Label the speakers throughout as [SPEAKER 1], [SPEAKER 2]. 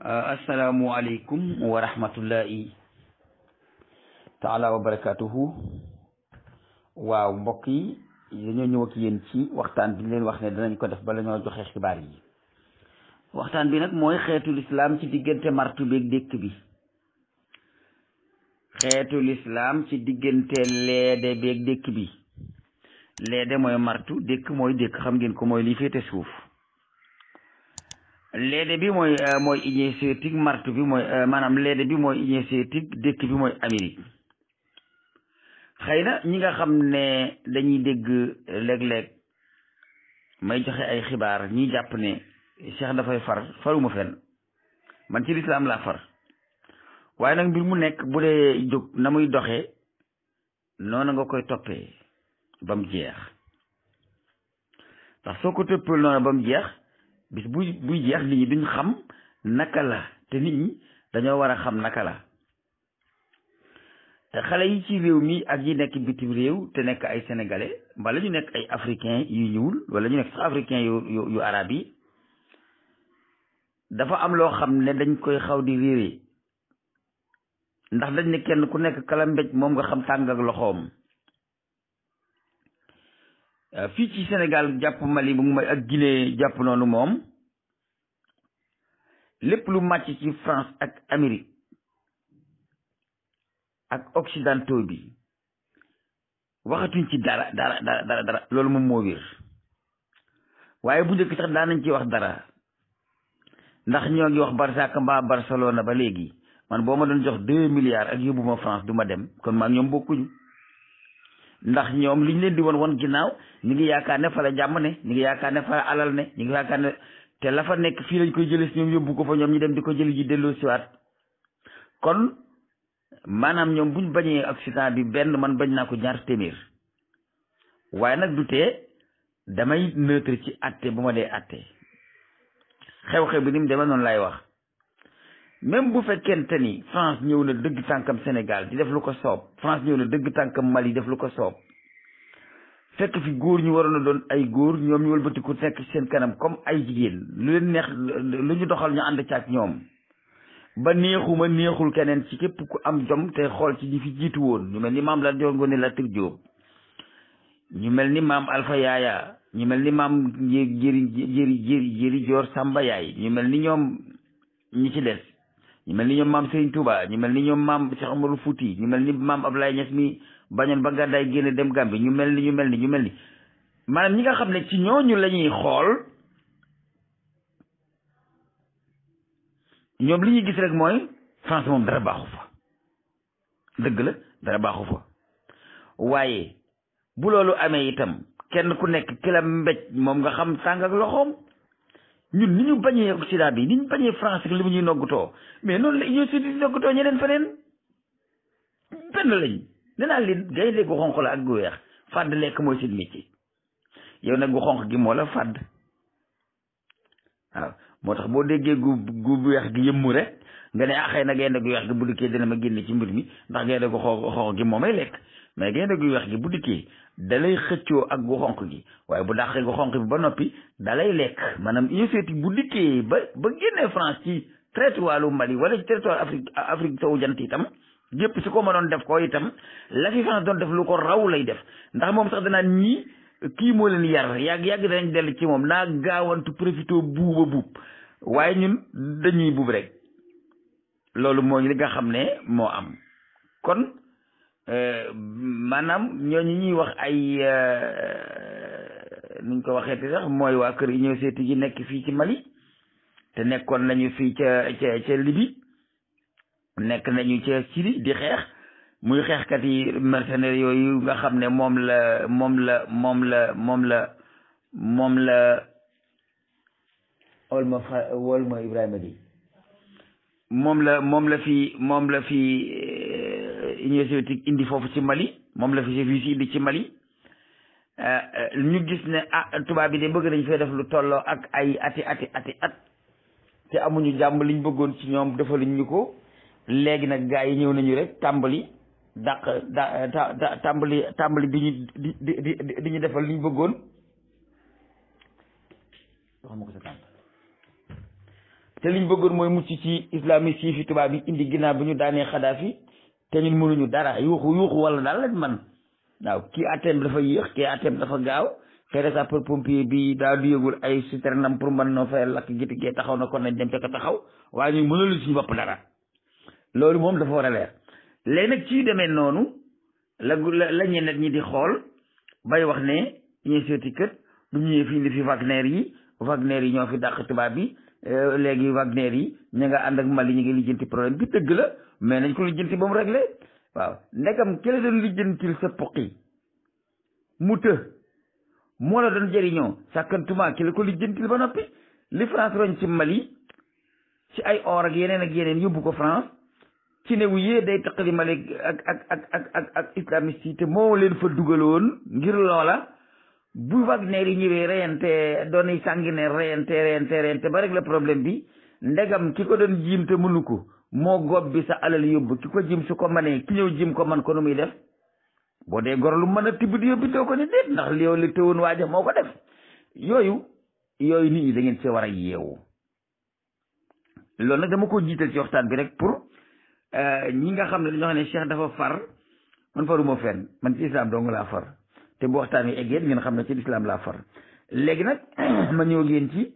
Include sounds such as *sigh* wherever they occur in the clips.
[SPEAKER 1] Uh, asalaamualeykum wa rahmatullahi taala wa barakatuhu waaw mbokk yi dañoo ñëw ak ci waxtaan bi ñu leen wax ne danañ ko def bala ñoo joxe xibaar yi waxtaan bi nag mooy xeetu lislaam ci diggante martu beeg bi xeetu lislaam ci diggante leede dëkk bi leede mooy martu dëkk mooy dëkk xam ngeen ko mooy lii féete suuf leede bi mooy euh, mooy Union soviétique martu bi mooy euh, maanaam leede bi mooy Union soviétique dëkk bi mooy Amérique xëy na ñi nga xam ne dañuy dégg léeg-léeg may joxe ay xibaar ñi jàpp ne Cheikh dafay far faruma fenn man ci lislaam laa far waaye nag mbir mu nekk bu dee jóg na muy doxe noonu nga koy toppee ba mu jeex ndax soo ko tëppal noonu ba jeex bis buy buy jeex nit ñi duñ xam naka la te nit ñi dañoo war a xam naka la te xale yi ci réew mi ak yi nekk bitim réew te nekk ay sénégalais mbala ñu nekk ay africain yu ñuul wala ñu nekk sax africain yu yu yu arab yi dafa am loo xam ne dañ koy xaw di réeré ndax dañ ne kenn ku nekk kala moom nga xam tàng ak loxoom Euh, fii ci Sénégal jàpp Mali mu ma ak Guinée jàpp noonu moom lépp lu màcc ci France ak Amérique ak Occidentaux bi waxatuñ ci dara dara dara dara loolu moom moo wér waaye bu njëkk sax daanañ ci wax dara ndax ñoo ngi wax Barça mbaa Barcelona ba léegi man boo ma doon jox deux milliards ak yóbbu ma France du ma dem kon maa ñoom bokkuñu ndax ñoom li ñu leen di woon woon ginnaaw ñu ngi yaakaar ne fa la jàmm ne ñu ngi yaakaar ne fa la alal ne ñu ngi yaakaar ne te la fa nekk fii lañ koy jëlee si ñoom yóbbu ko fa ñoom ñu dem di ko jëli ji delloo siwaat kon maanaam ñoom buñ bañee accident bi benn man bañ naa ko ñaar téeméer waaye nag du tee damay neutre ci atte bu ma dee atte xew-xew bi ni mu demee noonu laay wax même bu fekkente ni France ñëw na dëgg tànkam Sénégal di def lu ko soob France ñëw na dëgg tànkam Mali def lu ko soob fekk fi góor ñu waroon a doon ay góor ñoom ñu wëlbati ku seen kanam comme ay jigéen lu ñu doxal ñu ànd caag ñoom ba neexuma neexul keneen ci képp ku am jom te xool ci ñi fi jiitu woon ñu mel ni maam la Dior Ngoné Latyr Diop ñu mel ni maam Alpha Yaaya ñu mel ni maam jëri jëri jëri jëri Joor Samba Yaay ñu mel ni ñoom ñu ci des ñu mel ni ñoom maam Serigne Touba ñu mel ni ñoom maam Cheikh Omarou Fouti ñu mel ni maam Ablaye Niass mi bañoon ba gàddaay génne dem Gambie ñu mel ni ñu mel ni ñu mel ni maanaam ñi nga xam ne ci ñooñu la ñuy xool ñoom li ñuy gis rek mooy France moom dara baaxu fa dëgg la dara baaxu fa waaye bu loolu amee itam kenn ku nekk ki la moom nga xam tàng ak loxoom ñun ni ñu bañee Occident bi ni ñu bañee France ak li mu ñuy noggutoo mais noonu la Union soviétique di noggutoo ñeneen feneen benn lañ nee naa leen gaynde gu xonq la ak gu weex fàdd lekk mooy seen métier yow nag gu xonq gi moo la fàdd waaw moo tax boo déggee gu gu weex gi yëmmu rek nga ne ah xëy na gaynde gu weex gi bu dikkee dina ma génne ci mbir mi ndax gaynde gu xonq gi moo may lekk mais gaynde gu weex gi bu dikkee dalay xëccoo ak gu xonq gi waaye bu dàqee gu xonq bi ba noppi dalay lekk maanaam uniseeti bu dikkee ba ba génnee France ci territoire lu yi wala ci territoire Afrique Afrique sowu jant itam yëpp su ko ma doon def ko itam la fi France doon def lu ko raw lay def ndax moom sax danaan ñii kii moo leen yar yàgg yàgg dañ dell ci moom naa gaawantu profité buuba buub waaye ñun dañuy buub rek loolu mooy li nga xam ne moo am Euh, maanaam ñooñu ñuy wax ay euh, nuñ ko waxee te sax mooy waa kër Union soviétique yi nekk fii ci Mali te nekkoon nañu fii ca ca ca Libye nekk nañu ca Syrie di xeex muy xeexkat yi mercenaires yooyu nga xam ne moom la moom la moom la moom la moom la wol ma fa wol ma Ibrahima moom la moom la fi moom la fi Union indi foofu ci Mali moom la fi service yi indi ci Mali euh, euh, ñu gis ne ah tubaab bi de bëgg nañ fee def lu tolloo ak ay ati ati ati at te amuñu jàmb liñ bëggoon ci ñoom defaluñ ñu ko léegi nag gars yi ñëw nañu rek tàmbali daq da tàmbali tàmbali di ñu di di di ñu defal liñ bëggoon te liñ bëggoon mooy mucc ci islamiste yi fi tubaab yi indi ginnaaw bi ñu daanee Xadaafi te ñun mënuñu dara yuuxu yuuxu wala daal man waaw kii bi dafa yéex kii bi dafa gaaw xëy na sapeur pompier bi daa du yëgul ay citerne am pour man noo fa lakk giti gee taxaw na kon nañ dem ca ko taxaw waaye ñun mënalu suñu bopp dara loolu moom dafa war a leer léegi nag ci demee noonu la la ñeneen ñi di xool bay wax ne ñuy seeti kët du ñëwee fii indi fi yi Wagner yi ñoo fi dàq tubaab bi euh, léegi Wagner yi ñu nga ànd ak Mali ñu ngi lijjanti problème bi dëgg la mais nañ ko lijjanti ba mu réglé waaw ndegam ki la doon lijjantil sa poqi mu të moo la doon jëriñoo sàkkantumaa ki la ko lijjantil ba noppi li France roñ ci Mali ci ay or ak yeneen ak yeneen yóbbu ko France ci ne wu yee day taqali Mali ak ak ak ak ak ak yi te moo leen fa dugaloon ngir loola bu Wagner yi ñëwee reyante doon yi sàngi ne reyante reyante reyante ba rek problème bi ndegam ki ko doon jiim te mënu ko moo gob bi sa alal yóbbu ki ko jim su ko manee ki ñëw jim ko man ko nu muy def boo dee goro lu mën a tibb di yóbbi doo ko ne déet ndax li yow li tëwoon waaja moo ko def yooyu yooyu nit ñi da ngeen see war a yeewu loolu nag dama ko jiital ci waxtaan bi rek pour euh, ñi nga xam ne dañoo xam ne Cheikh dafa far man faruma fen man ci doo dong laa far te bu waxtaan wi eggee ngeen xam ne ci islam laa far léegi nag *clears throat* ma ñëw ngeen ci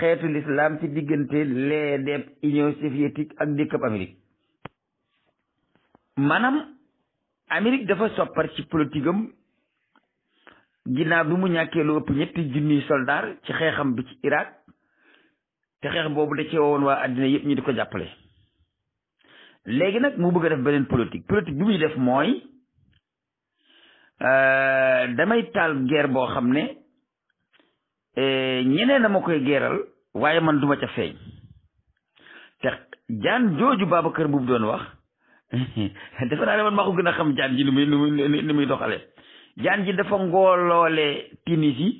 [SPEAKER 1] xeetu l'islam ci diggante lee deeb union soviétique ak dëkkab amérique maanaam amérique dafa soppar ci politique am bi mu ñàkkee lu ëpp ñetti junniy soldaar ci xeexam bi ci iraq te xeex boobu da cee woon waa àddina yëpp ñu di ko jàppale léegi nag mu bëgg a def beneen politique politique bi muy def mooy euh, damay taal guerre boo xam ne Eh, ñeneen a ma koy geeral waaye man duma ca feeñ te jaan jooju Babacar bu doon wax *laughs* defe naa ne man maa ko gën a xam jaan ji ni muy ni muy doxale jaan ji dafa ngooloole timis yi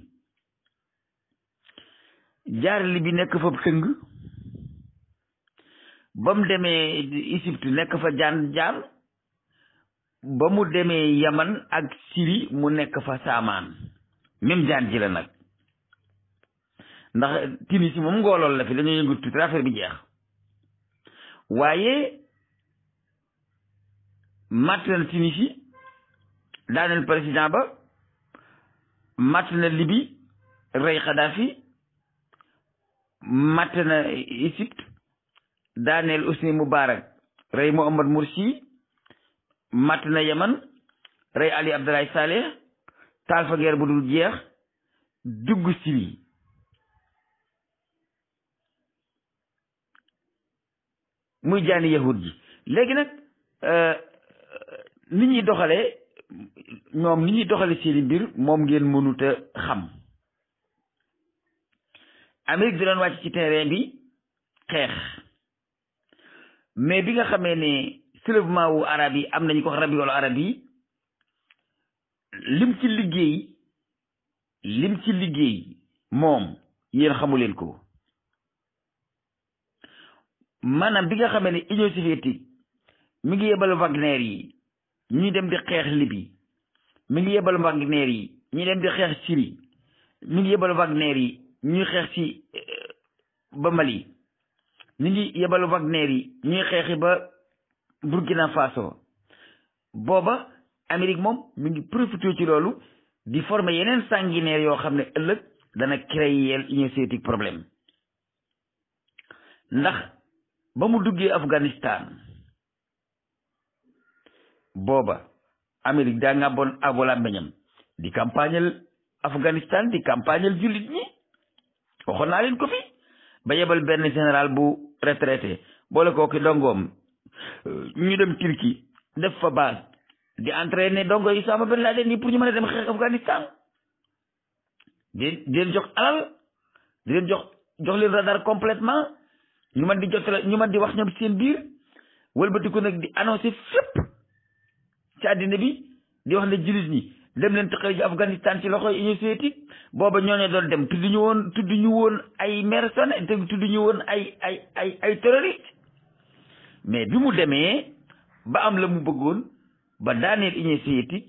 [SPEAKER 1] jaarli bi nekk fa sëng ba demee Égypte nekk fa jaan jaar ba mu demee Yaman ak Syrie mu nekk fa saamaan même jaan ji la nag ndax timis moom ngoolool la fi dañoo yëngu tuuti bi jeex waaye màtt na timis yi daaneel président ba màtt na libi rey Kadhafi màtt na Égypte daaneel Hosni Moubarak rey Mohamed Morsi màtt na Yaman rey Ali Abdoulaye Saleh taal fa bu dul jeex dugg Syrie muy jaani yahud ji léegi nag euh, euh, ni ñuy doxalee moom ni ñuy doxale seeni mbir moom ngeen mënut xam Amérique di doon wàcc ci terrain bi xeex mais bi nga xamee ne soulèvement wu arab yi am nañu ko rabi wala arab yi lim ci liggéey lim ci liggéey moom yéen xamuleen ko maanaam bi nga xamee ni union soviétique mi ngi yebal Wagner yi ñuy dem di xeex Libye mi ngi yebal Wagner yi ñuy dem di xeex Syrie mi ngi yebal Wagner yi ñuy xeex ci ba Mali mi ngi yebal Wagner yi ñuy xeex ba Burkina Faso booba Amérique moom mu ngi profité ci loolu di former yeneen sanguinaire yoo xam ne ëllëg dana créer union soviétique problème ndax ba mu duggee Afghanistan booba Amérique daa ngàbboon abola meñam di campagnal Afghanistan di campagnal jullit ñi waxoon naa leen ko fi ba yebal benn général bu retraité boole koo ki dongoom euh, ñu dem Turquie def fa base di entraîné dongo yi Usaama bin Laden yi pour ñu mën a dem xeex Afghanistan di di leen jox alal di leen jox jox leen radar complètement ñu mën di jottale ñu mën di wax ñoom seen biir wëlbatiku nag di annoncé fépp ci àddina bi di wax ne jullit ñi dem leen taqale ji Afghanistan ci loxo Union soviétique booba ñooñu doon dem tudd ñu woon tudd ñu woon ay mercenaires te tudd ñu woon ay ay ay ay terroristes mais bi mu demee ba am la mu bëggoon ba daaneel Union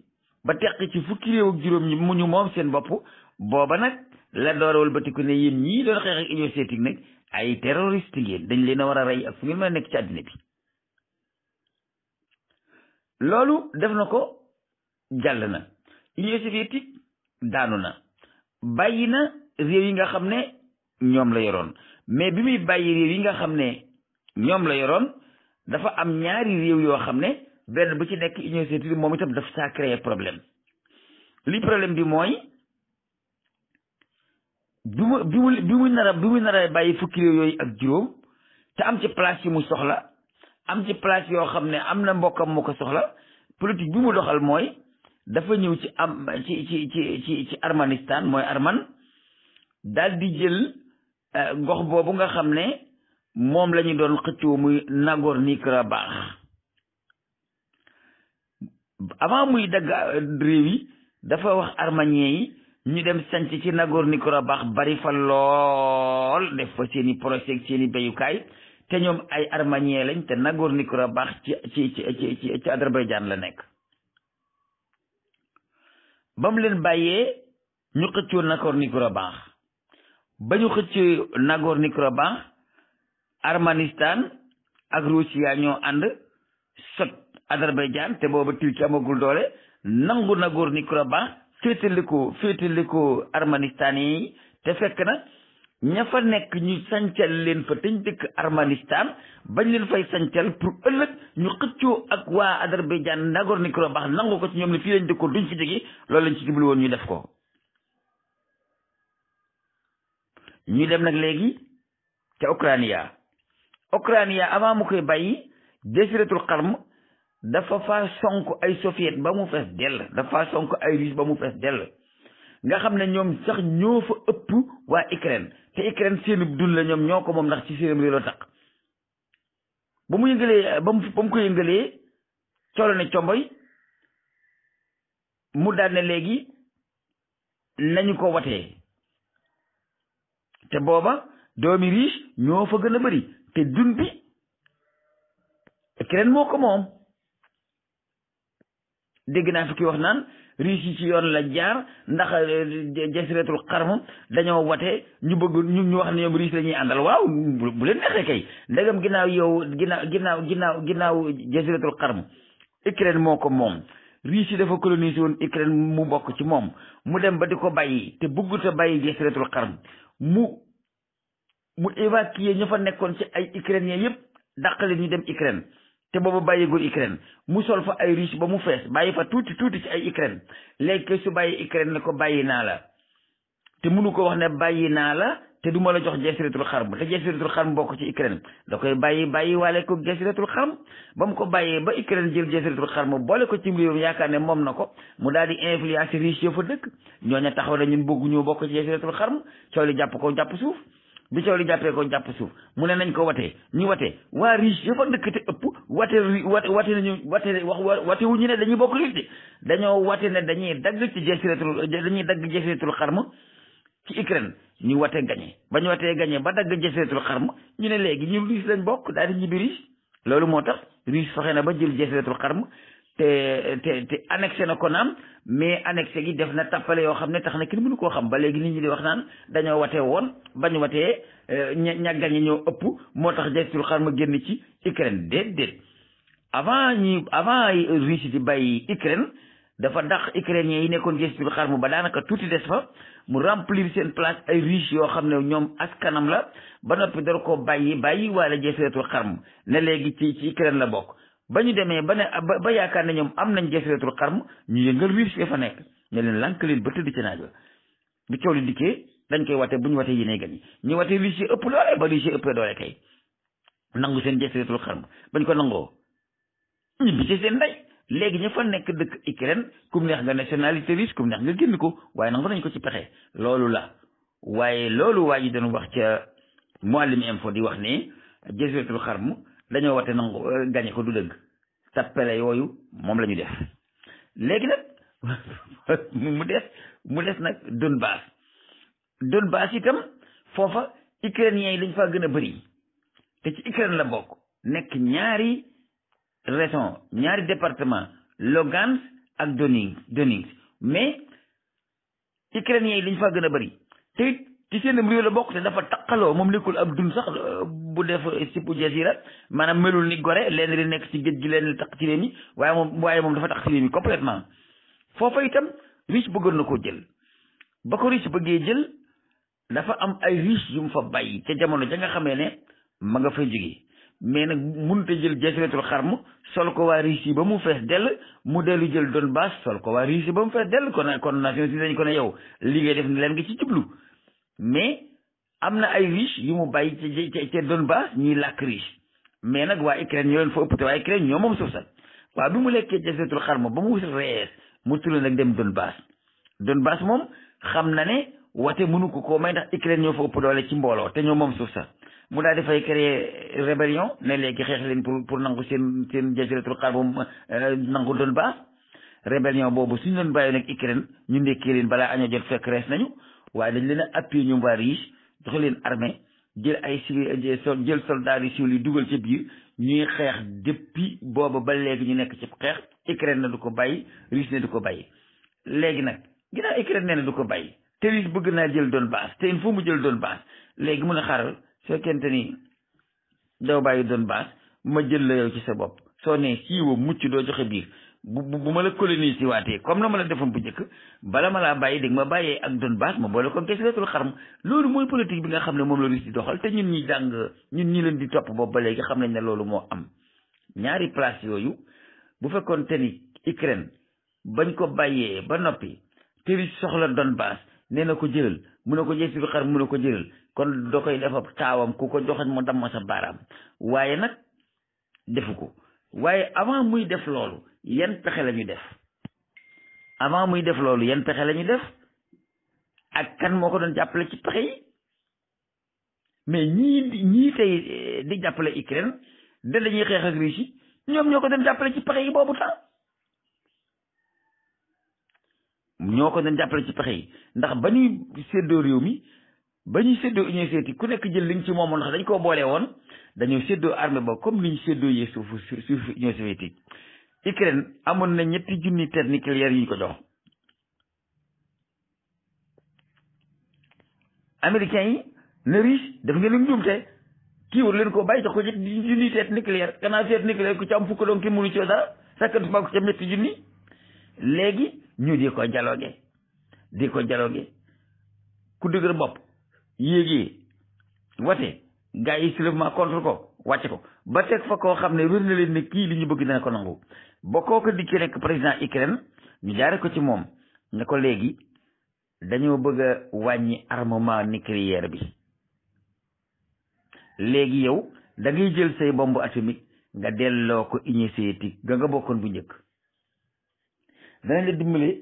[SPEAKER 1] ba teq ci fukki réew ak juróom ñi mu ñu moom seen bopp booba nag la door wëlbatiku ne yéen ñii doon xeex ak Union soviétique nag ay terroriste ngeen dañ leen a war a rey fu ngeen mën a nekk ci àddina bi loolu def na ko jàll na union soviétique daanu na bàyyi na réew yi nga xam ne ñoom la yoroon mais bi muy bàyyi réew yi nga xam ne ñoom la yoroon dafa am ñaari réew yoo xam ne benn bu ci nekk union soviétique moom itam daf saa créer problème li problème bi mooy bi mu bi mu bi mu nar bi mu nar bàyyi fukki yooyu ak juróom te am ci place yi mu soxla am ci place yoo xam ne am na mbokkam mu ko soxla politique bi mu doxal mooy dafa ñëw ci am ci ci ci ci ci Armanistan mooy Arman daal di jël euh, gox boobu nga xam ne moom la ñu doon xëccoo muy Nagorno-Karabakh avant muy dagg euh, réew yi dafa wax arménien yi ñu dem sanc ci Nagorno-Karabakh bari fa lool def fa seeni projet seeni béyukaay te ñoom ay arménien lañ te Nagorno-Karabakh ci ci ci ci ci Azerbaïdjan la nekk ba mu leen bàyyee ñu xëccoo Nagorno-Karabakh ba ñu xëccoo Nagorno-Karabakh Armanistan ak Russia ñoo ànd sot Azerbaïdjan te booba Turquie amagul doole nangu Nagorno-Karabakh féetaliku féetaliku armanistan yi te fekk na ña fa nekk ñu sancal leen fa te ñu dëkk armanistan bañ leen fay sancal pour ëllëg ñu xëccoo ak waa Azerbaïdjan Nagorno-Karabakh nangu ko ci ñoom ne fii lañ dëkkoon duñ fi jóge loolu lañ ci jublu woon ñu def ko ñu dem nag léegi ca Ukraine Ukraine avant mu koy bàyyi Désiré Touré dafa faa sonk ay soviet ba mu fees dell dafa faa sonk ay russe ba mu fees dell nga xam ne ñoom sax ñoo fa ëpp waa Ukraine te Ukraine seen dund la ñoom ñoo ko moom ndax ci seen réew la tax ba mu yëngalee ba mu ba mu ko yëngalee coolo comboy mu daal ne léegi nañu ko watee te booba doomi riche ñoo fa gën a bari te dund bi Ukraine moo ko moom dégg naa fi ki wax naan riche yi ci yoon la jaar ndax euh, jasiratul xarm dañoo wate ñu bëgg ñu ñu wax ne ñoom riche la ñuy àndal waaw bu leen neexee kay ndegam ginnaaw yow ginnaaw ginnaaw ginnaaw ginnaaw jasiratul xarm Ukraine moo ko moom riche yi dafa coloniser woon Ukraine mu bokk ci moom mu dem ba di ko bàyyi te bëggut a bàyyi jasiratul xarm mu mu évacuer ña fa nekkoon ci ay ukrainiens yëpp dàq leen ñu dem Ukraine te boobu bàyyigul Ukraine mu sol fa ay riche ba mu fees bàyyi fa tuuti tuuti ci ay Ukraine lekk su bàyyi Ukraine ne ko bàyyi naa la te mënu ko wax ne bàyyi naa la te du ma la jox jeesiratul xarm te jeesiratul xarm bokk ci Ukraine da koy bàyyi bàyyi waale ko jeesiratul xarm ba mu ko bàyyee ba Ukraine jël jeesiratul xarm boole ko ci réewam yaakaar ne moom na ko mu daal di influence riche ya fa dëkk ñooña taxaw na ñun bëgguñoo bokk ci jeesiratul xarm coow li jàpp ko jàpp suuf bi coow li jàppee ko jàpp suuf mu ne nañ ko watee ñu watee waa riche yëpp a dëkk te ëpp wate wate wate nañu wate wax wate wu ñu ne dañuy bokk riche de dañoo wate ne dañuy dagg ci jasiratul dañuy dagg jasiratul xarm ci Ukraine ñu wate gañe ba ñu watee gañe ba dagg jasiratul xarm ñu ne léegi ñu riche lañ bokk daal di ñibbi riche loolu moo tax riche soxee na ba jël jasiratul xarm te te te annexé na ko naan mais annexé gi def na tappale yoo xam ne tax na kenn mënu koo xam ba léegi nit ñi di wax naan dañoo watee woon bañ watee ña ña gañe ñoo ëpp moo tax gestul xar ma génn ci Ukraine déedéet avant ñi avant Russie di bàyyi Ukraine dafa dax ukrainien yi nekkoon gestul xar mu ba daanaka tuuti des fa mu remplir seen place ay riche yoo xam ne ñoom askanam la ba noppi dara koo bàyyi bàyyi waale gestul xar mu ne léegi ci ci Ukraine la bokk. ba ñu demee ba ne ba yaakaar ne ñoom am nañ jasiratul xarm ñu yëngal riche ya fa nekk ne leen lànk leen ba tëdd ci naaj wa bi coow li dikkee dañ koy wate bu ñu watee yéenay gan yi ñu watee riche yi ëpp doole ba riche yi ëppee doole kay nangu seen ko nangoo ñibbi ci seen léegi ña fa nekk dëkk Ukraine kum neex nga nationalité russe kum neex nga génn ko waaye nangu nañ ko ci pexe loolu la waaye loolu waa ji doon wax ca Mouhalim info di wax ne jasiratul mu dañoo wate nangu euh, gañe ko du dëgg tappale yooyu moom la ñu def léegi nag *laughs* mu des mu des nag Donbass Donbass itam foofa ukrainiens yi dañ faa gën a bëri te ci Ukraine la bokk nekk ñaari région ñaari département Lugansk ak Donetsk Donetsk mais ukrainiens yi dañ faa gën a bëri te ci seenam réew la bokk te dafa taqaloo moom nekkul ab dun sax bu def sipu jasira maanaam melul ni gore leen di nekk ci géej gi leen taq ci réew mi waaye moom waaye moom dafa taq ci réew mi complètement foofa itam riche bëggoon na koo jël ba ko riche bëggee jël dafa am ay riche yu mu fa bàyyi ca jamono ja nga xamee ne ma nga fay jógee mais nag mënta jël jasiratul mu sol ko waa riche yi ba mu fees dell mu dellu jël doon baas sol ko waa riche yi ba mu fees dell kon kon nation si dañ yow liggéey def ni leen nga mais am na ay riche yu mu bàyyi ca ca ca Donbass làkk riche mais nag waa Ukraine ñoo leen fa ëpp te waa Ukraine ñoo moom suuf sax waa bi mu lekkee xar xarma ba mu rees mu tulli nag dem Donbass Donbass moom xam na ne wate mënu ko koo may ndax Ukraine ñoo fa ëpp doole ci mbooloo te ñoo moom suuf sax mu daal dafay créer rébellion ne léegi xeex leen pour pour nangu seen seen jasiratul xarma euh, nangu Donbass rébellion boobu suñu doon bàyyi nag Ukraine ñu ndekkee leen balaa añoo jot fekk rees nañu waaye dañ leen a appuyé ñoom waa riche joxe leen armée jël ay civil eh, jël soldats yi civil yi dugal ci biir ñuy xeex depuis booba ba léegi ñu nekk ci xeex Ukraine na du ko bàyyi riche ne du ko bàyyi léegi nag ginnaaw Ukraine ne na du ko bàyyi te riche bëgg naa jël Donbass te il faut mu jël doon Donbass léegi mun a xaaral soo kente ni daw bàyyi Donbass ma jël la yow ci sa bopp soo nee siiwa mucc doo joxe biir bu bu ma la coloniser waatee comme na ma la defoon bu njëkk bala ma laa bàyyi dégg ma bàyyee ak doon baas ma boole comme kesiratul loolu mooy politique bi nga xam ne moom la Russie di doxal te jàng ñun ñi leen di topp boobu ba léegi xam nañ ne loolu moo am ñaari place yooyu bu fekkoon te ni Ukraine bañ ko bàyyee ba noppi te Russie soxla doon baas nee na ko jëlal mun na ko jël si xaram mun na ko jëlal kon doo koy dafa taawam ku ko joxoon ma damm sa baaraam waaye nag defu ko waaye avant muy def loolu yan pexe la ñu def avant muy def loolu yan pexe la ñu def ak kan moo ko doon jàppale ci pexe yi mais ñii ñii tey eh, di jàppale Ukraine da dañuy xeex ak Russie ñoom ñoo ko doon jàppale ci pexe yi boobu ñoo ko doon jàppale ci pexe yi ndax ba ñuy séddoo réew mi ba ñuy séddoo union ku nekk jël liñ ci moom ndax dañ koo boole woon dañoo séddoo armée ba comme liñ seddoo yee suuf suuf union soviétique Ukraine amoon na ñetti junni têtes nucléaires yi ñu ko jox américains yi ne riche def ngeen lu njuumte kii war leen ko bàyyi jox ko ñetti junni têtes nucléaires kanaa têtes nucléaires ku ci fukk doon ki mënu ci dara sakkantuma ko ci ñetti junni léegi ñu di ko dialogué di ko dialogué ku dëgër bopp yéegee wate gars yi contre ko wàcc ko ba teg fa koo xam ne wér na ne kii li ñu bëgg dina ko nangu ba kooku dikkee nekk président Ukraine ñu jaare ko ci moom ne ko léegi dañoo bëgg wàññi armement nucléaire bi léegi yow dangay jël say bomb atomique nga delloo ko Union soviétique nga bokkoon bu njëkk danañ la dimbale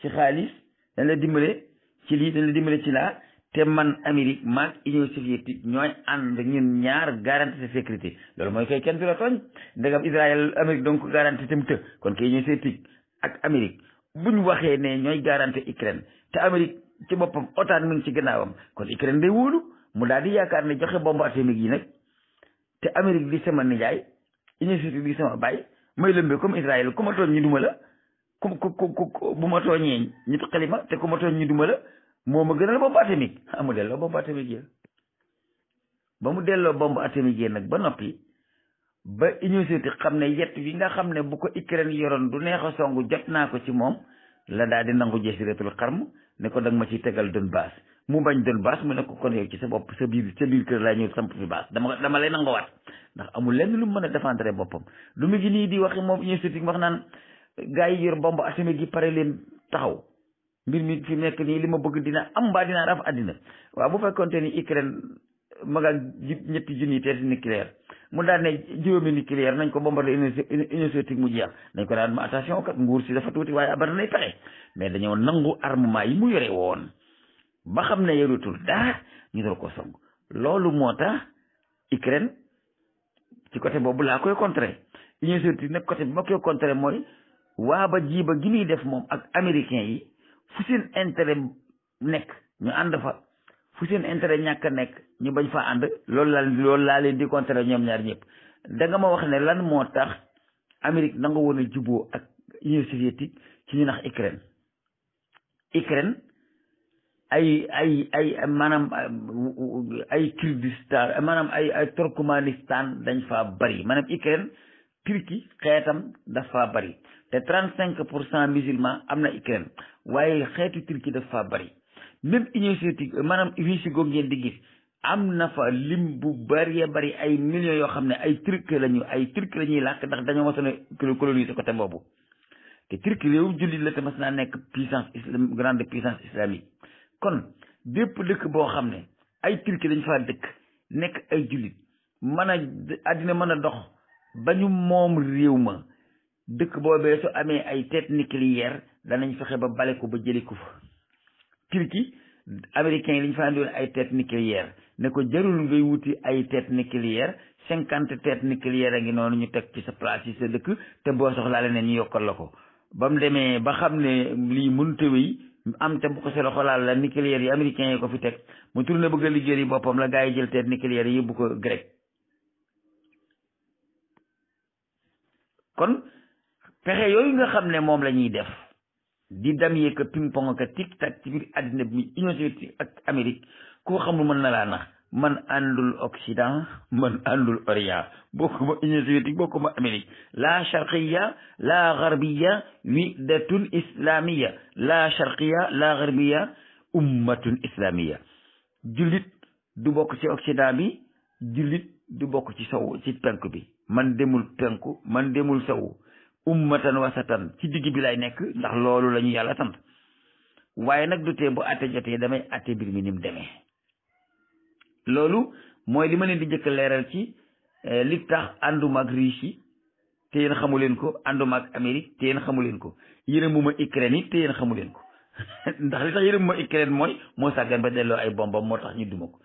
[SPEAKER 1] ci xaalis danañ la dimbale ci lii danañ la dimbale ci laa te man Amérique maag Union soviétique ñooy ànd ñun ñaar garanti sa sécurité loolu mooy koy kenn du la tooñ ndegam Israël Amérique donc ko garanti tam të kon kay Union soviétique ak Amérique buñ waxee ne ñooy garanti Ukraine te Amérique ci boppam otaan mi ngi ci gannaawam kon Ukraine day woolu mu daal di yaakaar ne joxe bombe atomique yi nag te Amérique di sama nijaay Union soviétique di sama baay may lëmbee comme Israël ku ma tooñ ñu duma la ku ku ku ma tooñee ñu ku ma tooñ moo ma gënal bombe atomique ah mu delloo bombe atomique ya ba mu delloo bombe atomique ya nag ba noppi ba Union soviétique xam ne yett yi nga xam ne bu ko Ukraine yoroon du neex a song jot naa ko ci moom la daal di nangu jasiratul xarm ne ko danga ma ciy tegal Donbass mu bañ Donbass mu ne ko kon yow ci sa bopp sa biir sa biir kër laa ñëw samp fi baas dama dama lay nanguwaat ndax amul lenn lu mu mën a défendre boppam lu mu ngi nii di waxi moom Union wax naan gars yi yor bombe atomique yi pare leen taxaw mbir mi fi nekk nii li ma bëgg dina am mbaa dinaa raf àddina waaw bu fekkonte ni Ukraine ma nga ñetti junni tête nucléaire mu daan ne juróomi nucléaire nañ ko bombardé Union soviétique mu jeex dañ ko daan ma attention kat nguur si dafa tuuti waaye abar nay pexe mais dañoo nangu armement yi mu yore woon ba xam ne yorutul dara ñu door ko song loolu moo tax Ukraine ci côté boobu laa koy contrer Union soviétique nag côté bi ma koy contrer mooy waa ba jiiba gi muy def moom ak américain yi fu seen intérêt nekk ñu ànd fa fu seen intérêt ñàkk nekk ñu bañ fa ànd loolu laa loolu laa leen di contrer ñoom ñaar ñëpp da nga ma wax ne lan moo tax Amérique nanga woon a juboo ak Union ci ñu nax Ukraine Ukraine ay ay ay maanaam ay Kyrgyzstan maanaam ay ay Turkmanistan dañ faa bari maanaam Ukraine Turki xeetam dafa bari te trente cinq pour cent musulman am na Ukraine waaye xeetu Turquie dafa bari même Union soviétique maanaam Russie googu ngeen di gis am na fa lim bu bari bari ay millions yoo xam ne ay turc lañu ay turc la ñuy làkk ndax dañoo mas a coloniser côté boobu te turc réewum jullit la te mas naa nekk puissance islam grande puissance islamique kon bépp dëkk boo xam ne ay turc dañ fa dëkk nekk ay jullit mën a àddina mën a dox bañu ñu moom réew ma dëkk boobee su amee ay tête nucléaire danañ fexe ba bale ko ba jëlee ko fa Turquie américain yi dañ fa andiwoon ay tête nucléaire ne ko jarul ngay wuti ay tête nucléaire cinquante tête nucléaire a ngi noonu ñu teg ci sa place yi sa dëkk te boo soxlaa leneen ñu yokkal la ko ba mu demee ba xam ne lii mënut a am te bu ko solo xoolaal la nucléaire yi américain yi ko fi teg mu tourné bëgg a liggéey yi boppam la gaa yi jël tête nucléaire yi yóbbu ko grec kon pexe yooyu nga xam ne moom la ñuy def di dam yee ko ping pong ka tic tac ci biir àddina bi union soviétique ak Amérique koo xam lu mën na laa man àndul Occident man àndul Orient bokkuma union soviétique bokkuma Amérique la charqiya la garbiya widatun islamiya la charqiya la garbiya ummatun islamiya jullit du bokk ci Occident bi jullit du bokk ci saw ci penku bi man demul penku man demul sowu ummatan wasatan ci digg bi lay nekk ndax loolu lañu yàlla sant waaye nag du tee bu àtte jotee damay àtte mbir mi ni mu demee loolu mooy li ma leen di njëkk leeral ci eh, li tax ànduma ak Russie te yéen xamu leen ko ànduma ak Amérique te yéen xamu leen ko yërëmuma Ukraine yi te yéen xamu leen ko *laughs* ndax li tax yërëmuma Ukraine mooy moo sàggan ba delloo ay bomb moo tax ñu duma ko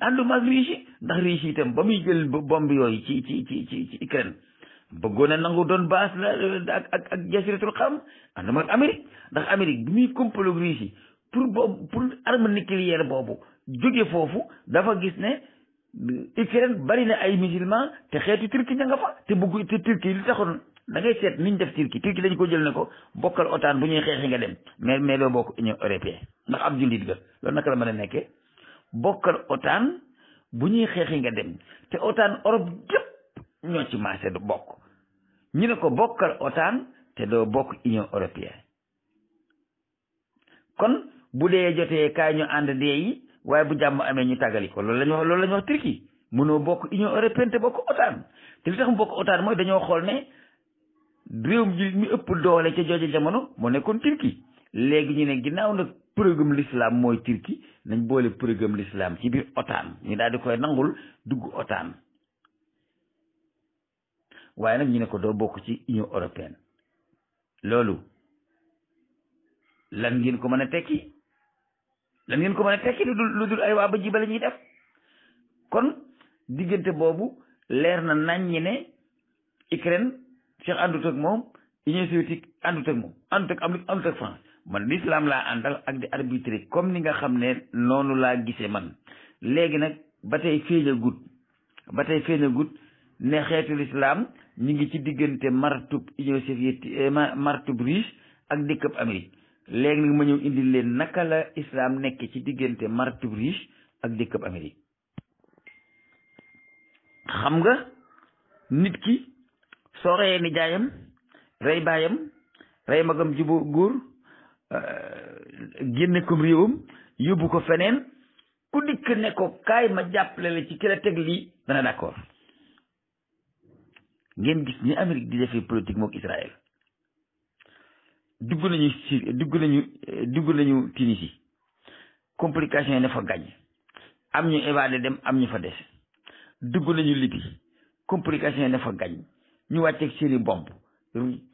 [SPEAKER 1] ànduma ak Russie ndax Russie itam ba muy jël bomb yooyu ci ci ci ci bëggoon a nangu doon baas la ak ak ak jasiratul xam àndama ak Amérique ndax Amérique bi muy complot Russie pour boobu pour arme nucléaire boobu jóge foofu dafa gis ne Ukraine bari na ay musulman te xeetu Turquie ña nga fa te bëgg te Turquie li taxoon da ngay seet niñ def Turquie Turquie dañ ko jël ne ko bokkal otaan bu ñuy xeexi nga dem mais mais doo bokk Union européenne ndax am jullit ga loolu naka la mën a nekkee bokkal otaan bu ñuy xeexi nga dem te otaan Europe yëpp ñoo ci maase bokk ñu ne ko bokkal otaan te doo bokk union européenne kon bu dee jotee kaay ñu ànd dee yi waaye bu jàmm amee ñu tàggali ko loolu la ñu wax loolu la wax Turquie mënoo bokk union européenne te bokk otaan te li tax mu bokk otaan mooy dañoo xool ne réew mi ëpp doole ca jooju jamono moo nekkoon Turquie léegi ñu ne ginnaaw nag programme l'islam mooy Turquie nañ boole programme l'islam ci biir otaan ñu daal di koy nangul dugg otaan waaye nag ñu ne ko doo bokk ci union européenne loolu lan ngeen ko mën a tekki lan ngeen ko mën a tekki lu dul ay waa ba jibale ñuy def kon diggante boobu leer na nañ ñi ne Ukraine Cheikh àndut moom Union soviétique àndut ak moom àndut ak Amérique àndut ak France man l'islam laa àndal ak di arbitré comme ni nga xam ne noonu laa gise man léegi nag ba tey feeñagut ba tey feeñagut ne xeetu l'islam ñu ngi ci diggante martub union soviétique eh, martub ak ak dëkkab Amérique léegi nag ma ñëw indi leen naka la islam nekk ci diggante martub russe ak dëkkab Amérique xam nga nit ki soo reyee ni jaayam rey baayam rey magam jubo góor euh, génne ko réewam yóbbu ko feneen ku dikk ne ko kaay ma jàppale la ci ki la teg lii dana d'accord ngeen gis ni Amérique di defee politique mook Israël dugg nañu si dugg nañu dugg nañu Tunisie complication yi dafa gañ am ñu évadé dem am ñu fa des dugg nañu Libye complication yi dafa gañ ñu wàcceeg seeni bomb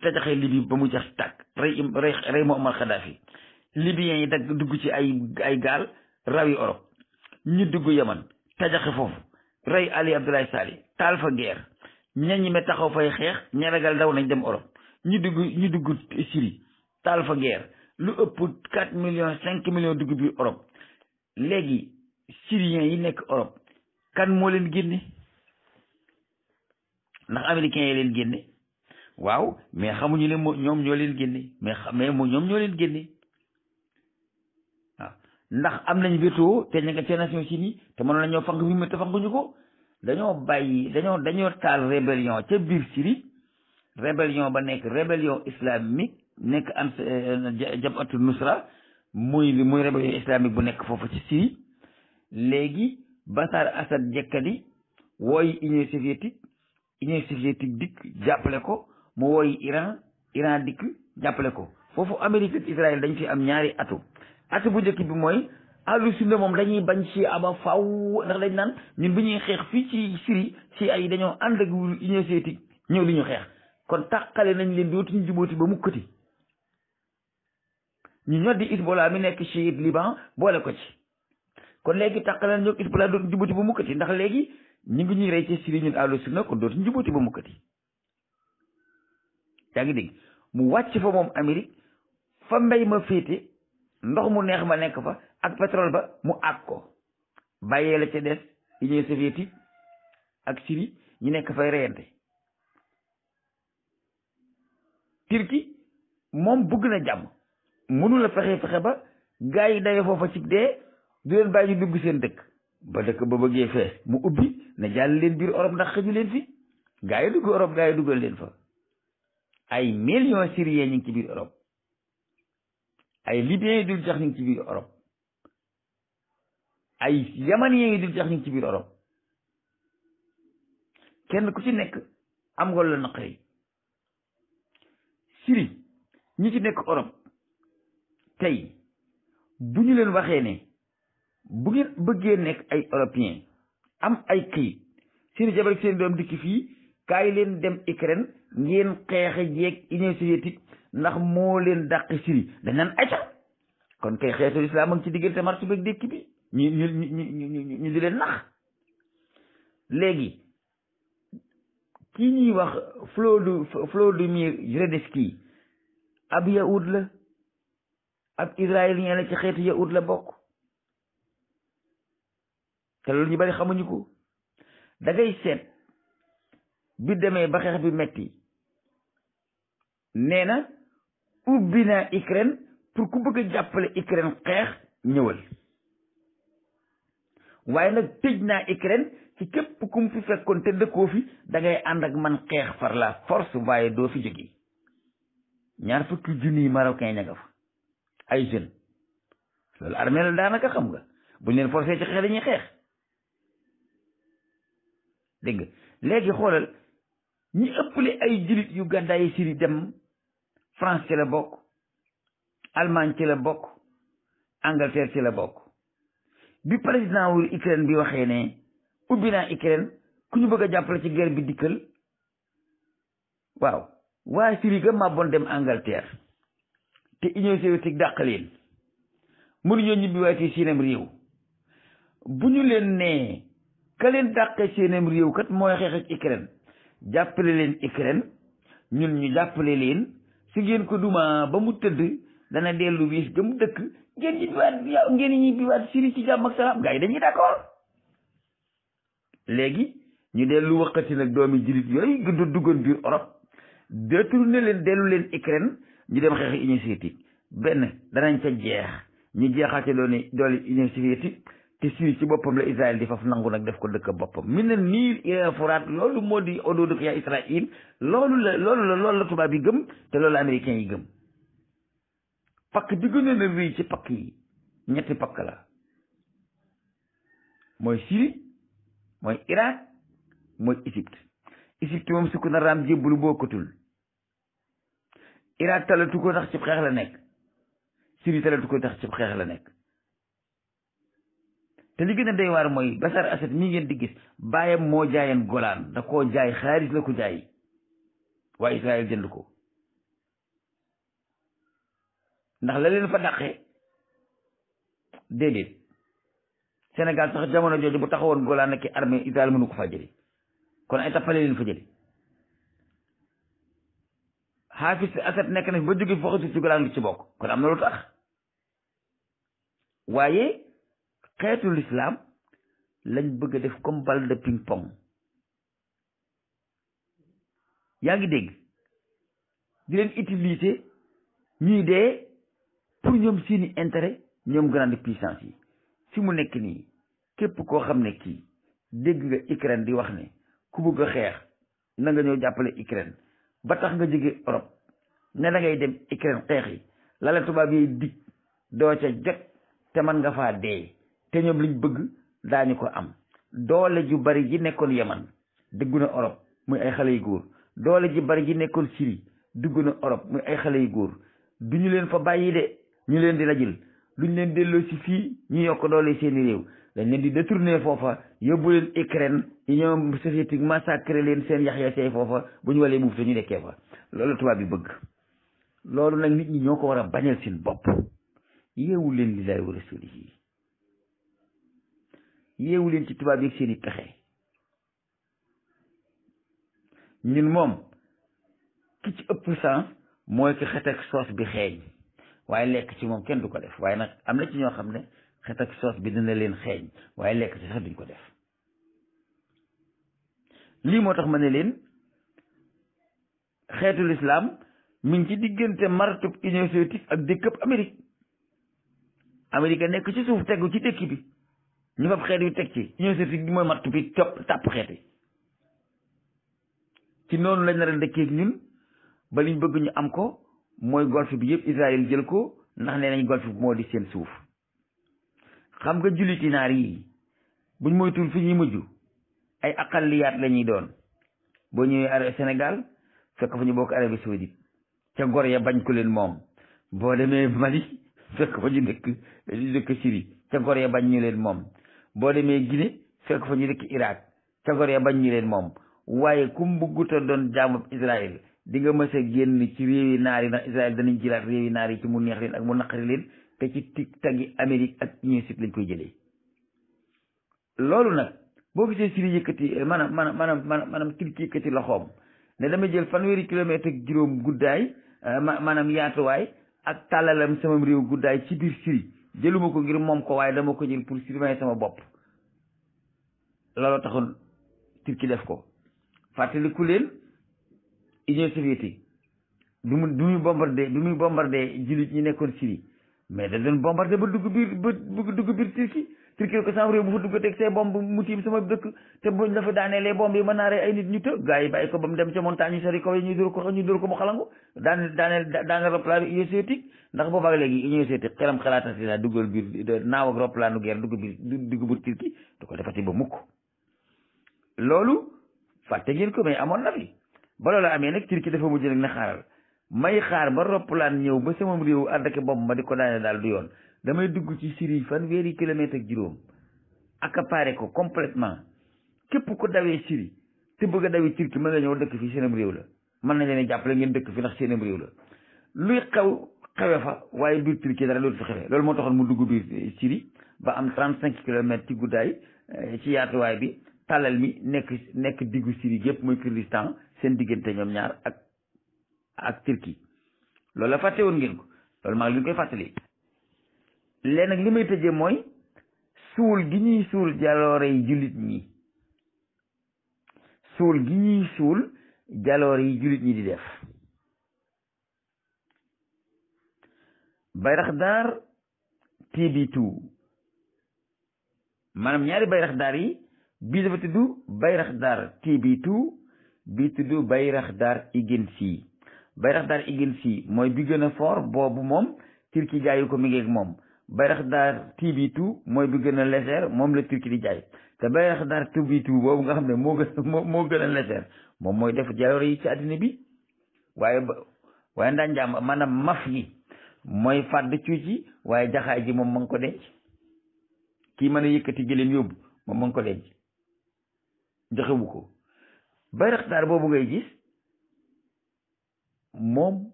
[SPEAKER 1] tajaxee Libye ba mu jax takk rey rey rey Muammar Kadhafi libyens yi dag dugg ci ay ay gaal raw yi ñu dugg Yaman tajaxe foofu rey Ali Abdoulaye Sali taal fa guerre ña ñi me taxaw fay xeex ña ragal daw nañ dem Europe ñu dugg ñu dugg Syrie taal fa guerre lu ëpp quatre millions cinq millions dugg bi Europe léegi syriens yi nekk Europe kan moo leen génne ndax américains yi leen génne waaw mais xamuñu ne ñoom ñoo leen génne mais xam mais ñoom ñoo leen génne ndax am nañ veto te ña nga ca Nations Unies te mënoon na ñoo fanq bi mu te fanquñu ko dañoo bàyyi dañoo dañoo taal rébellion ca biir Syrie rébellion ba nekk rébellion islamique nekk am jamaatu nusra muy muy rébellion islamique bu nekk foofu ci Syrie léegi Bachar Assad jekkadi wooyi Union soviétique Union soviétique dikk jàppale ko mu wooyi Iran Iran dikk jàppale ko foofu Amérique ak Israël dañ fi am ñaari atu atu bu njëkk bi mooy na moom dañuy bañ ci aba faw ndax dañ naan ñun bu ñuy xeex fii ci Syrie ci ay dañoo ànd ak Union soviétique ñëw li ñu xeex kon tàqale nañ leen dootuñu jubóoti ba mukkati ñu ñoddi Hezbollah mi nekk ci Liban boole ko kon léegi tàqale nañ ñoo Hezbollah dootuñu jubóoti ba mukkati ndax léegi ñu ngi ñuy rey ci Syrie ñun halluciné kon dootuñu jubóoti ba yaa ngi dégg mu wàcc fa moom Amérique fa mbay ma féete ndox mu neex ma nekk fa ak pétrole ba mu àgg ko bàyyee la ca des Union soviétique ak Syrie ñu nekk fay reyante Turquie moom bëgg na jàmm mënu la fexe fexe ba gaa yi daye foofa ci dee du leen bàyyi dugg seen dëkk ba dëkk ba bëggee fees mu ubbi na jàll leen biir Europe ndax xëju leen fi gaa yi dugg Europe gaa yi duggal leen fa ay millions syriens ñu ngi ci biir Europe ay libyens yi dul jax ñu ngi ci Europe ay yamaniyeen yi di sax ñu ci biir Europe kenn ku ci nekk am nga la naqari Syrie ñi ci nekk Europe tey bu ñu leen waxee ne bu ngeen bëggee nekk ay européen am ay kayit seen jabar ak seen doom dikki fii kaay leen dem Ukraine ngeen xeexe jeeg Union ndax moo leen dàq Syrie dañ naan acca kon kay xeetu islam a ngi ci diggante marché beeg dëkk bi ñu ñu ñu ñu di leen nax léegi ki ñuy wax Vladimir Zelensky ab yahud la ab israélien la ci xeetu yahud la bokk te loolu ñu bari xamuñu ko da seet bi demee ba xeex bi metti nee na ubbi naa Ukraine pour ku bëgg a jàppale Ukraine xeex ñëwal waaye nag tëj naa Ukraine ci képp kum fi fekkoon te dëkkoo fi da ànd ak man xeex par la force waaye doo fi jóge ñaar fukki junniy marocain ña nga fa ay jën loolu armée la daanaka xam nga buñ leen forcé ci xeex dañuy xeex dégg nga léegi xoolal ñi ëppale ay jullit yu gàddaay Syrie dem France ci la bokk Allemagne ci la bokk Angleterre ci la bokk bi président wu Ukraine bi waxee ne ubbi naa Ukraine ku ñu bëgg a jàppale ci guerre bi dikkal waaw waa Syrie ga màbboon dem Angleterre te Union soviétique dàq leen mënuñoo ñibbi waaye ci seenam réew bu ñu leen nee ka leen dàqee seenam réew kat mooy xeex ak Ukraine jàppale leen Ukraine ñun ñu jàppale leen su ngeen ko duma ba mu tëdd dana dellu wiis ga mu dëkk ngeen ñibbiwaat yow ngeen ñibbiwaat siri ci jàmm ak salaam gars yi dañuy d'accord léegi ñu dellu waqati nag doomi jullit yooyu gëdd duggoon biir Europe détourné leen dellu leen Ukraine ñu dem xeexi Union soviétique benn danañ ca jeex ñu jeexaate doone doole Union soviétique te Syrie ci boppam la Israël di faf nangu nag def ko dëkk boppam mu ne niir Furaat loolu moo di la loolu la loolu la tubaab yi gëm te loolu la américains yi gëm pakk bi gënoon a rëy ci pakk yi ñetti pakk la mooy Syrie mooy Irak mooy Égypte Égypte moom sukk na raam jébbalu bokkatul Irak talatu ko ndax cib xeex la nekk Syrie talatu ko ndax cib xeex la nekk te li gën a waar mooy Bachar Assad mi ngeen di gis baayam moo jaayan Golan da koo jaay xaalis la ko jaay waa Israël jënd ko ndax la leen fa dàqee déedéet Sénégal sax jamono jooju bu taxawoon Golan ak armée Italie mënu ko faa jëli kon ay tappale leen fa jëli Hafiz Assad nekk na fi ba jóge foxatu ci Golan gi ci bokk kon am na lu tax waaye xeetu lislaam lañ bëgg def comme balle ping pong yaa ngi dégg di leen utiliser ñuy dee pour ñoom seeni intérêt ñoom grande puissance yi si mu nekk nii képp koo xam ne kii dégg nga Ukraine di wax ne ku bëgg xeex na nga ñëw jàppale Ukraine ba tax nga jóge Europe ne da ngay dem Ukraine xeex yi la la tubaab yi dig doo ca jot te man nga faa dee te ñoom liñ bëgg daañu ko am doole ju bari gi nekkoon Yaman dugg na Europe muy ay xale yu góor doole ji bari ji nekkoon Syrie dugg na Europe muy ay xale yu góor du ñu leen fa bàyyi de ñu leen di lajil luñ leen delloo si fii ñu yokk doole seeni réew dañ leen di détourner foofa yóbbu leen Ukraine Union soviétique massacré leen seen yax ya seey foofa bu ñu walee muuf te ñu nekkee fa loolu tubaab bi bëgg loolu nag nit ñi ñoo ko war a bañal seen bopp yeewu leen lillaay wa rasulihi yeewu leen ci tubaab yi ak seeni pexe ñun moom ki ci ëpp sens mooy ki xet soos bi xeeñ waaye lekk ci moom kenn du ko def waaye nag am na ci ñoo xam ne xet ak soos bi dina leen xeeñ waaye lekk ci sax duñ ko def lii moo tax ma ne leen xeetu lislaam mi ngi ci diggante martub Union soviétique ak dëkkëb Amérique Amérique nekk ci suuf tegu ci dëkk bi ñu fab xeet yu teg ci Union bi mooy martub bi topp xeet yi ci noonu lañ nar a dëkkee ak ñun ba liñ bëgg ñu am ko mooy golfe bi yëpp Israël jël ko ndax nee nañ golfe bi moo di seen suuf xam nga julliti naar yi buñ moytul fi ñuy mujj ay aqalliyaat la ñuy doon boo ñëwee ara Sénégal fekk fa ñu bokk Arabie Saoudite ca gor ya bañ ku leen moom boo demee Mali fekk fa ñu dëkk ñu ca gor ya bañ ñu leen moom boo demee Guinée fekk fa ñu dëkk Irak ca bañ ñu leen moom waaye ku mu bugguta doon jaamub Israël di nga mës a génn ci réewi naar yi ndax Israël danañ jëlaat réewi naar yi ci mu neex leen ak mu naqari leen te ci tig tagi Amérique ak ñun sib lañ koy jëlee loolu nag boo gisee Syrie yëkkati maanaam maanaam maanaam maanaam maanaam Turquie yëkkati loxoom ne dama jël fanweeri kilomètre ak juróom guddaay eh, maanaam yaatuwaay ak tàllalam sama réew guddaay ci biir Syrie jëluma ko ngir moom ko waaye dama ko jël pour surveiller sama bopp looloo taxoon Turquie def ko fàttaliku leen Union soviétique du mu du muy bombardé du muy bombardé jullit ñi nekkoon Syrie mais da doon bombardé ba dugg biir ba dugg biir Turquie Turquie bu fa dugg teg say mu tiim sama dëkk te buñ la daaneelee bomb yi mën naa nit ñu të gars yi bàyyi ko ba mu dem ca montagne ñu sori kaw yi ñu dóor ko ñu dóor ko mu naa duggal biir naaw ak roplaanu guerre dugg biir dugg du ko defati ba mukk loolu fàtte ngeen ko mais amoon na fi ba la amee nag Turquie dafa mujj nag na xaaral may xaar ba laan ñëw ba sama réew ànd ak bopp ma di ko daane daal du yoon damay dugg ci Syrie fanweeri kilomètre ak juróom accaparé ko completement képp ko dawee Syrie te bëgg a dawee Turquie mën nga ñëw dëkk fii seenam réew la mën na leen jàppale ngeen dëkk fi ndax seenam réew la luy xaw xewe fa waaye biir Turquie dara dootu fi xewe loolu moo taxoon mu dugg biir Syrie ba am trente cinq kilomètres ci guddaay eh, ci yaatuwaay bi tàllal mi nekk nekk diggu Syrie gépp mooy Kurdistan seen diggante ñoom ñaar ak ak loolu la fàtte woon ngeen ko loolu maa ngi leen koy fàttali léegi nag li may tëjee mooy suul gi ñuy suul jaloore yi jullit ñi suul gi ñuy suul jaloore yi jullit ñi di def Bayraktar TB2 maanaam ñaari Bayraktar yi bii dafa tudd Bayraktar tb bi tudd Bayraktar Igensi Bayraktar Igensi mooy bi gën a fort boobu moom Turquie jaayu ko mi ngi ak moom Bayraktar Tibitu mooy bi gën a léger moom la Turquie jaay te Bayraktar Tibitu boobu nga xam ne moo gën moo gën a léger moom mooy def jaloor yi ci àddina bi waaye ba waaye ndaanjaam maanaam maf yi mooy fàdd cuuci waaye jaxaay ji moom ma ngi ko denc kii mën a yëkkati jëleen yóbbu moom ma ngi ko denc joxewu ko bayraktaar boobu ngay gis moom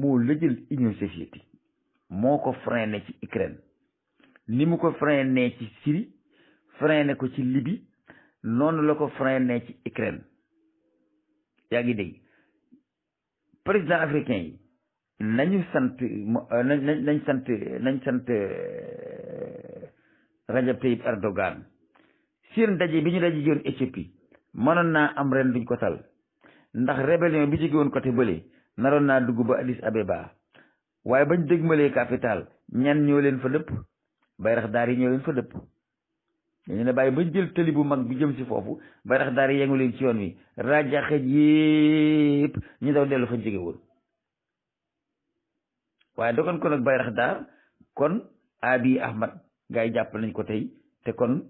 [SPEAKER 1] moo la jël union soviétique moo ko freiné ci Ukraine ni mu ko freiné ci Syrie freiné ko ci Libye noonu la ko freiné ci Ukraine yaa ngi dégg président africain yi nañu sant euh, nañ nañ sant nañ sant euh, Rajab Tayyip Erdogan seen daje bi ñu daje yoon Éthiopie mënoon naa am ren duñ ko tal ndax rébellion bi jóge woon côté bële naroon naa dugg ba Addis Abeba waaye bañ dëgmalee capital ñan ñoo leen fa dëpp bayrax daar yi ñoo leen fa dëpp dañu ne bàyyi bañ jël tëli bu mag bi jëm si foofu bayrax daar yi yengu leen ci yoon wi rajaxej yépp ñu daw dellu fa jóge woon waaye dogon ko nag bayrax daar kon Abiy Ahmed gaa yi jàpp nañ ko tey te kon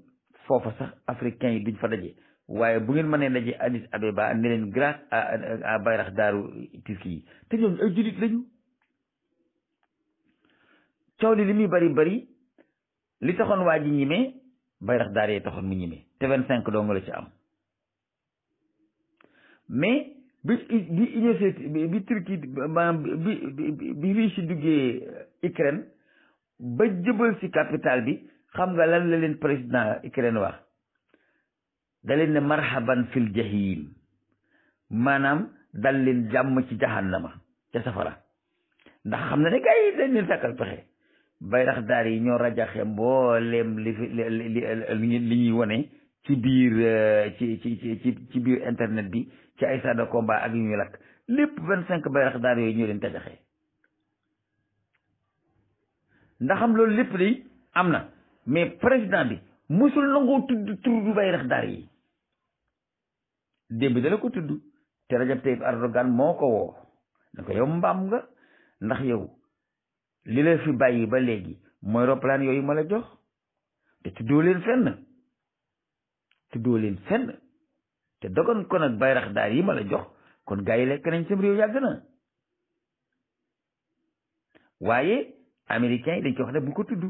[SPEAKER 1] foofa sax africain yi duñ fa daje waaye bu ngeen mënee daje Addis Abeba ne leen grâce à bayrax daaru turki yi te ñoom ay jullit lañu coow li li muy bari bari li taxoon waa ji ñime bayrax daar yee taxoon mu ñime te vingt cinq dong la ci am mais bi bi université bi turki maanaam bi bi Russie duggee euh, Ukraine ba jëbal si capital bi xam nga lan la leen président Ukraine wax daleen ne marhaban fil jahim maanaam dal leen jàmm ci jahannama ca safara ndax xam na ne gars yi dañ sàkkal pexe bayrax daar yi ñoo rajaxe mbooleem li fi li ñuy wone ci biir eh, ci ci ci ci biir internet bi ci ay salle ak yu ñuy lakk lépp vingt cinq bayrax daar yooyu ñoo leen tajaxe ndax xam loolu lépp day am na mais président bi musul nangoo tudd tur bayrax daar yi démb dala ko tudd te Rajab Tayyip Erdogan moo ko woo na yow mbaam nga ndax yow li la fi bàyyi ba léegi mooy roppalaan yooyu ma la jox te tuddoo leen fenn tuddoo leen te dogon kon ak bayrax daar yi ma la jox kon gaa yi lekk nañ sam na waaye américains yi dañ ko wax ne bu ko tudd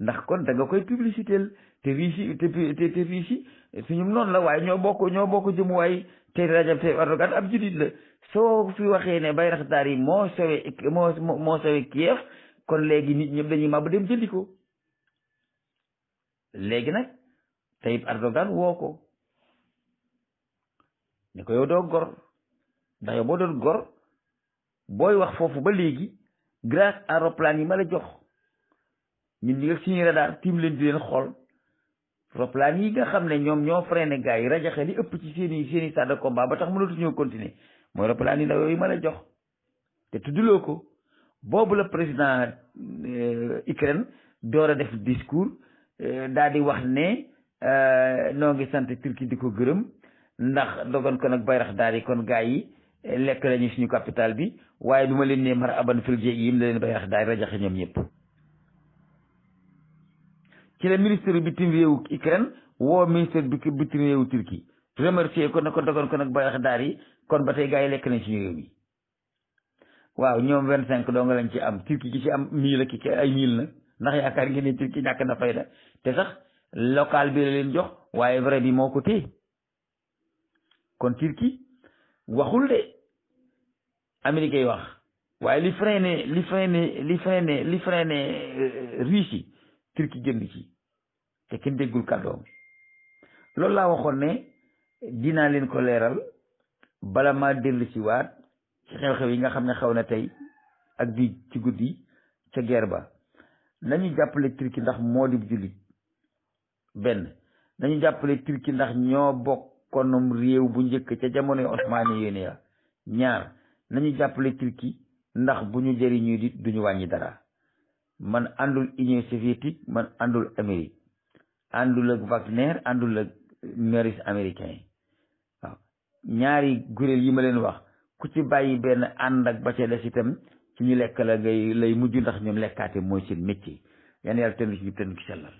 [SPEAKER 1] ndax kon da nga koy publicitéel te riisi te te riisi suñum noonu la waaye ñoo bokk ñoo bokk jëmuwaay te Rajab Tayyip Erdogan am julit la soo fi waxee ne ba yi moo sowe moo moo sowe Kiev kon léegi nit ñëpp dañuy màbb dem jëndi ko léegi nag Tayyip Erdogan woo ko ne ko yow doo gor ndax yow boo doon gor booy wax foofu ba léegi grâce aéroplane yi ma la jox ñun ñu si suñuy radar tiim leen di leen xool roplaan yi nga xam ne ñoom ñoo freiné gars yi rajaxe li ëpp ci seen i seen i stade de combat ba tax mënatu ñoo continuer mooy roplaan yi ndaw yooyu ma la jox te tudduloo ko boobu la président euh, Ukraine door a def discours euh, daal di wax ne euh, noo ngi sant Turquie di ko gërëm ndax dogon ko nag bayrax daal di kon gars yi lekk lañu suñu capital bi waaye du ma leen ne mar aban filje yim la leen bayrax daal rajaxe ñoom ñëpp ci la ministre bitim réewu Ukraine woo ministre bi bitim Turquie remercier ko ne ko dogoon ko nag bayax daar yi kon ba tey gaa yi lekk nañ ci réew mi waaw ñoom vingt cinq doo nga lañ ci am Turquie gi ci am mille ki ay mille nag ndax yaakaar ngeen ne Turquie ñàkk na fayda te sax local bi la leen jox waaye vrai bi moo ko téye kon Turquie waxul de américains yi wax waaye li freiné li freiné li freiné li freiné euh, Russie turki génn ci te kenn déggul kàddoom loolu laa waxoon ne dinaa leen ko leeral bala maa dellu ci waat ci xew-xew yi nga xam ne xew na tey ak bi ci guddi ca guerre ba nañu jàppale turki ndax moo di jullit benn nañu jàppale turki ndax ñoo bokkoonum réew bu njëkk ca jamonoy Osmaani yéene ya ñaar nañu jàppale turki ndax bu ñu jëriñu di duñu wàññi dara man àndul union soviétique man àndul amérique àndul ak Wagner àndul ak maris américain waaw ñaari kuréel yi ma leen wax ku ci bàyyi benn ànd ak ba ca des itam ci ñu lekk la ngay lay mujj ndax ñoom lekkaate mooy seen métier yan yàlla tënk ci ñu tënk sellal